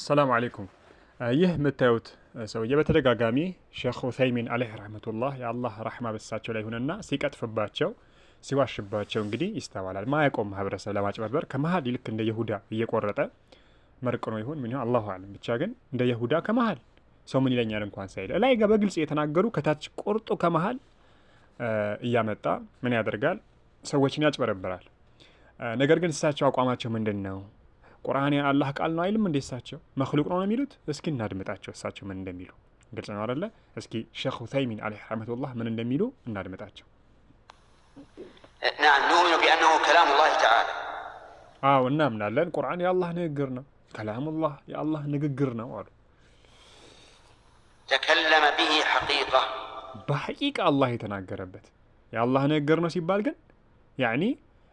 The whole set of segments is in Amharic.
አሰላሙ አሌይኩም። ይህ የምታዩት ሰውዬ በተደጋጋሚ ሼክ ዑሰይሚን አለህ ረህመቱላህ የአላህ ራህማ በሳቸው ላይ ሁንና ሲቀጥፍባቸው ሲዋሽባቸው እንግዲህ ይስተዋላል። ማያቆም ማህበረሰብ ለማጭበርበር ከመሀል ይልክ እንደ ይሁዳ እየቆረጠ መርቅኖ ይሁን ምን አላሁ አለም ብቻ ግን እንደ ይሁዳ ከመሀል ሰው ምን ይለኛል እንኳን ሳይል ላይ በግልጽ የተናገሩ ከታች ቆርጦ ከመሀል እያመጣ ምን ያደርጋል? ሰዎችን ያጭበረብራል። ነገር ግን እሳቸው አቋማቸው ምንድን ነው? ቁርአን የአላህ ቃል ነው አይልም እንዴ? እሳቸው መክሉቅ ነው ነው የሚሉት። እስኪ እናድምጣቸው እሳቸው ምን እንደሚሉ ግልጽ ነው አደለ? እስኪ ሼክ ሁሰይሚን አለይሂ ረሕመቱላህ ምን እንደሚሉ እናድምጣቸው። ናም ቢአነሁ ከላሙላህ ተዓላ አዎ፣ እናምናለን ቁርአን የአላህ ንግግር ነው። ከላሙላህ የአላህ ንግግር ነው አሉ። ተከለመ ቢሂ ሐቂቃ በሐቂቃ አላህ የተናገረበት የአላህ ንግግር ነው ሲባል ግን ያኒ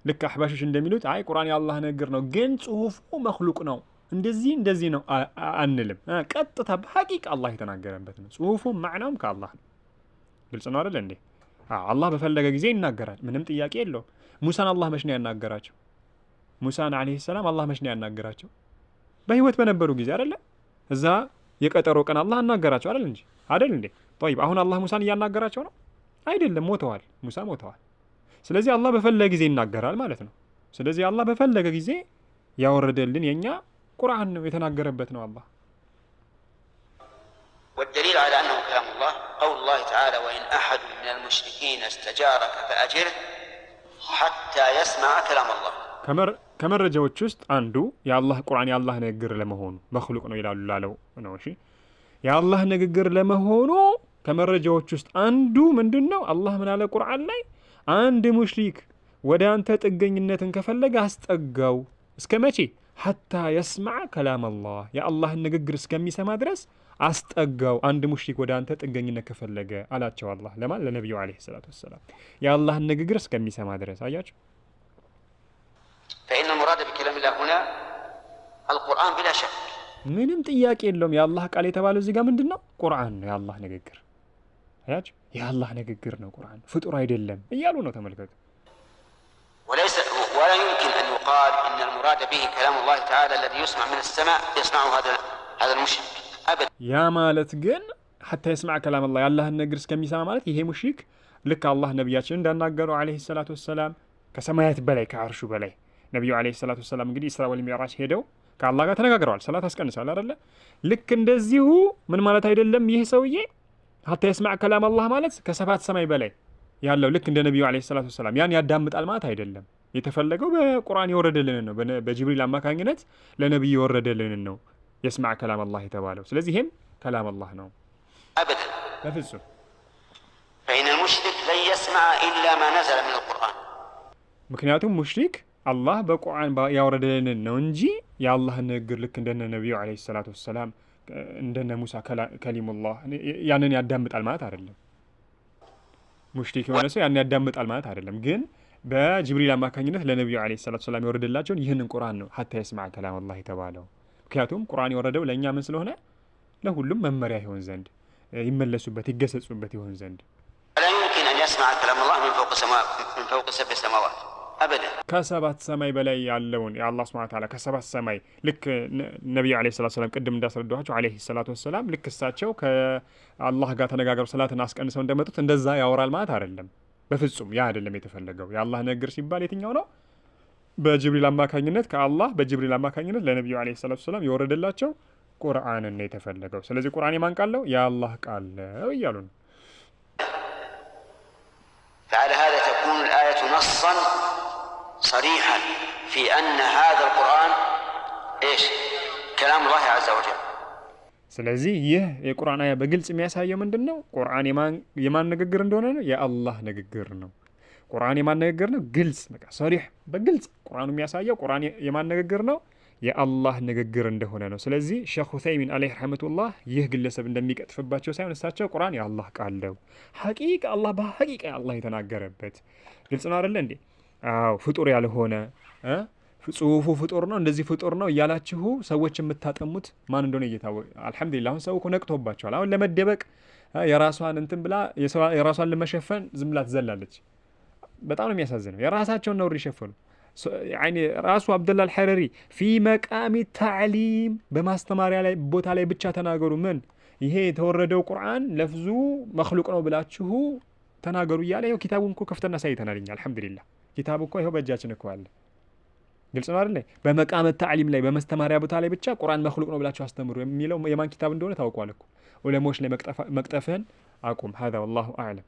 ልክ አህባሾች እንደሚሉት አይ ቁርአን የአላህ ነገር ነው፣ ግን ጽሁፉ መክሉቅ ነው፣ እንደዚህ እንደዚህ ነው አንልም። ቀጥታ በሐቂቅ አላህ የተናገረበት ነው። ጽሁፉ ማዕናውም ከአላህ ነው። ግልጽ ነው አደለ እንዴ? አላህ በፈለገ ጊዜ ይናገራል። ምንም ጥያቄ የለውም። ሙሳን አላህ መች ነው ያናገራቸው? ሙሳን ዓለይሂ ሰላም አላህ መች ነው ያናገራቸው? በህይወት በነበሩ ጊዜ አደለ? እዛ የቀጠሮ ቀን አላህ አናገራቸው አደል እንጂ አደል እንዴ? ጠይብ አሁን አላህ ሙሳን እያናገራቸው ነው አይደለም? ሞተዋል። ሙሳ ሞተዋል። ስለዚህ አላህ በፈለገ ጊዜ ይናገራል ማለት ነው። ስለዚህ አላህ በፈለገ ጊዜ ያወረደልን የእኛ ቁርአን ነው የተናገረበት ነው አላህ والدليل على انه كلام الله قول الله تعالى وان احد من المشركين استجارك فاجره حتى يسمع كلام الله ከመረጃዎች ውስጥ አንዱ የአላህ ቁርአን የአላህ ንግግር ለመሆኑ መክሉቅ ነው ይላሉ ላለው ነው። እሺ የአላህ ንግግር ለመሆኑ ከመረጃዎች ውስጥ አንዱ ምንድን ነው? አላህ ምን አለ ቁርአን ላይ አንድ ሙሽሪክ ወደ አንተ ጥገኝነትን ከፈለገ አስጠጋው። እስከ መቼ? ሐታ የስማዕ ከላም አላህ የአላህን ንግግር እስከሚሰማ ድረስ አስጠጋው። አንድ ሙሽሪክ ወደ አንተ ጥገኝነት ከፈለገ አላቸው አላህ ለማን? ለነቢዩ ዓለይሂ ሰላቱ ወሰላም የአላህን ንግግር እስከሚሰማ ድረስ። አያቸው ፈኢነ ሙራደ ቢከላሚላ ሁና አልቁርአን ቢላ ሸክ ምንም ጥያቄ የለውም። የአላህ ቃል የተባለው እዚህ ጋር ምንድን ነው? ቁርአን ነው፣ የአላህ ንግግር አያችሁ፣ የአላህ ንግግር ነው ቁርአን፣ ፍጡር አይደለም እያሉ ነው። ተመልከቱ። ولا يمكن أن يقال إن المراد به كلام الله ማለት ግን حتى የስማዕ ከላም ላ የአላህን ነገር እስከሚሰማ ማለት ይሄ ሙሽሪክ ልክ አላህ ነቢያችን እንዳናገሩ አለይሂ ሰላቱ ወሰላም ከሰማያት በላይ ከአርሹ በላይ ነቢዩ አለይሂ ሰላቱ ወሰላም እንግዲህ ኢስራ ወል ሄደው ከአላህ ጋር ተነጋግረዋል። ሰላት አስቀንሳል አደለ? ልክ እንደዚሁ ምን ማለት አይደለም ይህ ሰውዬ ሀታ የስማዕ ከላም አላህ ማለት ከሰባት ሰማይ በላይ ያለው ልክ እንደ ነቢዩ ዓለይሂ ሰላቱ ወሰላም ያን ያዳምጣል ማለት አይደለም። የተፈለገው በቁርአን የወረደልንን ነው። በጅብሪል አማካኝነት ለነቢዩ የወረደልንን ነው የስማዕ ከላም አላህ የተባለው። ስለዚህ ይሄም ከላም አላህ ነው። አበደን በፍጹም ፈኢነ ልሙሽሪክ ለን የስማዕ ኢላ ማ ነዘለ ሚን አልቁርአን። ምክንያቱም ሙሽሪክ አላህ በቁርአን ያወረደልንን ነው እንጂ የአላህን ንግግር ልክ እንደነ ነቢዩ ዓለይሂ ሰላቱ ወሰላም እንደነ ሙሳ ከሊሙላህ ያንን ያዳምጣል ማለት አይደለም። ሙሽሪክ የሆነ ሰው ያንን ያዳምጣል ማለት አይደለም። ግን በጅብሪል አማካኝነት ለነቢዩ ዓለይሂ ሰላቱ ሰላም የወረደላቸውን ይህንን ቁርአን ነው ሀታ የስማዕ ከላሙላህ የተባለው። ምክንያቱም ቁርአን የወረደው ለእኛ ምን ስለሆነ ለሁሉም መመሪያ ይሆን ዘንድ ይመለሱበት፣ ይገሰጹበት ይሆን ዘንድ ላ ዩምኪን አን የስማዕ ከላሙላህ ምን ፈውቅ ሰበ ሰማዋት አበደን ከሰባት ሰማይ በላይ ያለውን የአላህ ስብሐነ ተዓላ ከሰባት ሰማይ ልክ ነቢዩ ዓለይሂ ሰላቱ ወሰላም ቅድም እንዳስረዳኋቸው ዓለይሂ ሰላቱ ወሰላም ልክ እሳቸው ከአላህ ጋር ተነጋገሩ ሰላትን አስቀንሰው እንደመጡት እንደዛ ያወራል ማለት አይደለም። በፍጹም ያ አይደለም የተፈለገው። የአላህ ንግግር ሲባል የትኛው ነው? በጅብሪል አማካኝነት ከአላህ በጅብሪል አማካኝነት ለነቢዩ ዓለይሂ ሰላቱ ወሰላም የወረደላቸው ቁርአንን ነው የተፈለገው። ስለዚህ ቁርአን የማን ቃል ነው? የአላህ ቃል ነው እያሉ ነው። صريحا في ان هذا القران ايش؟ كلام الله عز وجل ስለዚህ ይህ የቁርአን አያ በግልጽ የሚያሳየው ምንድን ነው? ቁርአን የማን ንግግር እንደሆነ ነው። የአላህ ንግግር ነው። ቁርአን የማን ንግግር ነው? ግልጽ በቃ ሰሪሕ፣ በግልጽ ቁርአኑ የሚያሳየው ቁርአን የማን ንግግር ነው? የአላህ ንግግር እንደሆነ ነው። ስለዚህ ሼክ ሁሰይሚን አለይህ ረሕመቱላህ ይህ ግለሰብ እንደሚቀጥፍባቸው ሳይሆን እሳቸው ቁርአን የአላህ ቃል ነው። ሐቂቃ አላህ በሐቂቃ አላህ የተናገረበት ግልጽ ነው አይደለ እንዴ? አዎ ፍጡር ያልሆነ ጽሁፉ ፍጡር ነው እንደዚህ ፍጡር ነው እያላችሁ ሰዎች የምታጠሙት ማን እንደሆነ እየታወቀ አልሐምዱሊላ። አሁን ሰው እኮ ነቅቶባቸዋል። አሁን ለመደበቅ የራሷን እንትን ብላ የራሷን ለመሸፈን ዝም ብላ ትዘላለች። በጣም ነው የሚያሳዝነው። የራሳቸውን ነውር ይሸፈኑ። ራሱ አብደላ አልሐረሪ ፊ መቃሚ ታዕሊም በማስተማሪያ ላይ ቦታ ላይ ብቻ ተናገሩ። ምን ይሄ የተወረደው ቁርአን ለብዙ መክሉቅ ነው ብላችሁ ተናገሩ እያለ ኪታቡን እኮ ከፍተና ሳይተናልኛ አልሐምዱሊላ ኪታብ እኮ ይኸው በእጃችን እኮ አለ። ግልጽ ነው አይደል? በመቃመት ታዕሊም ላይ በመስተማሪያ ቦታ ላይ ብቻ ቁርአን መክሉቅ ነው ብላችሁ አስተምሩ የሚለው የማን ኪታብ እንደሆነ ታውቋል እኮ። ዑለሞች ላይ መቅጠፍህን አቁም። ሀዛ ወላሁ አዕለም።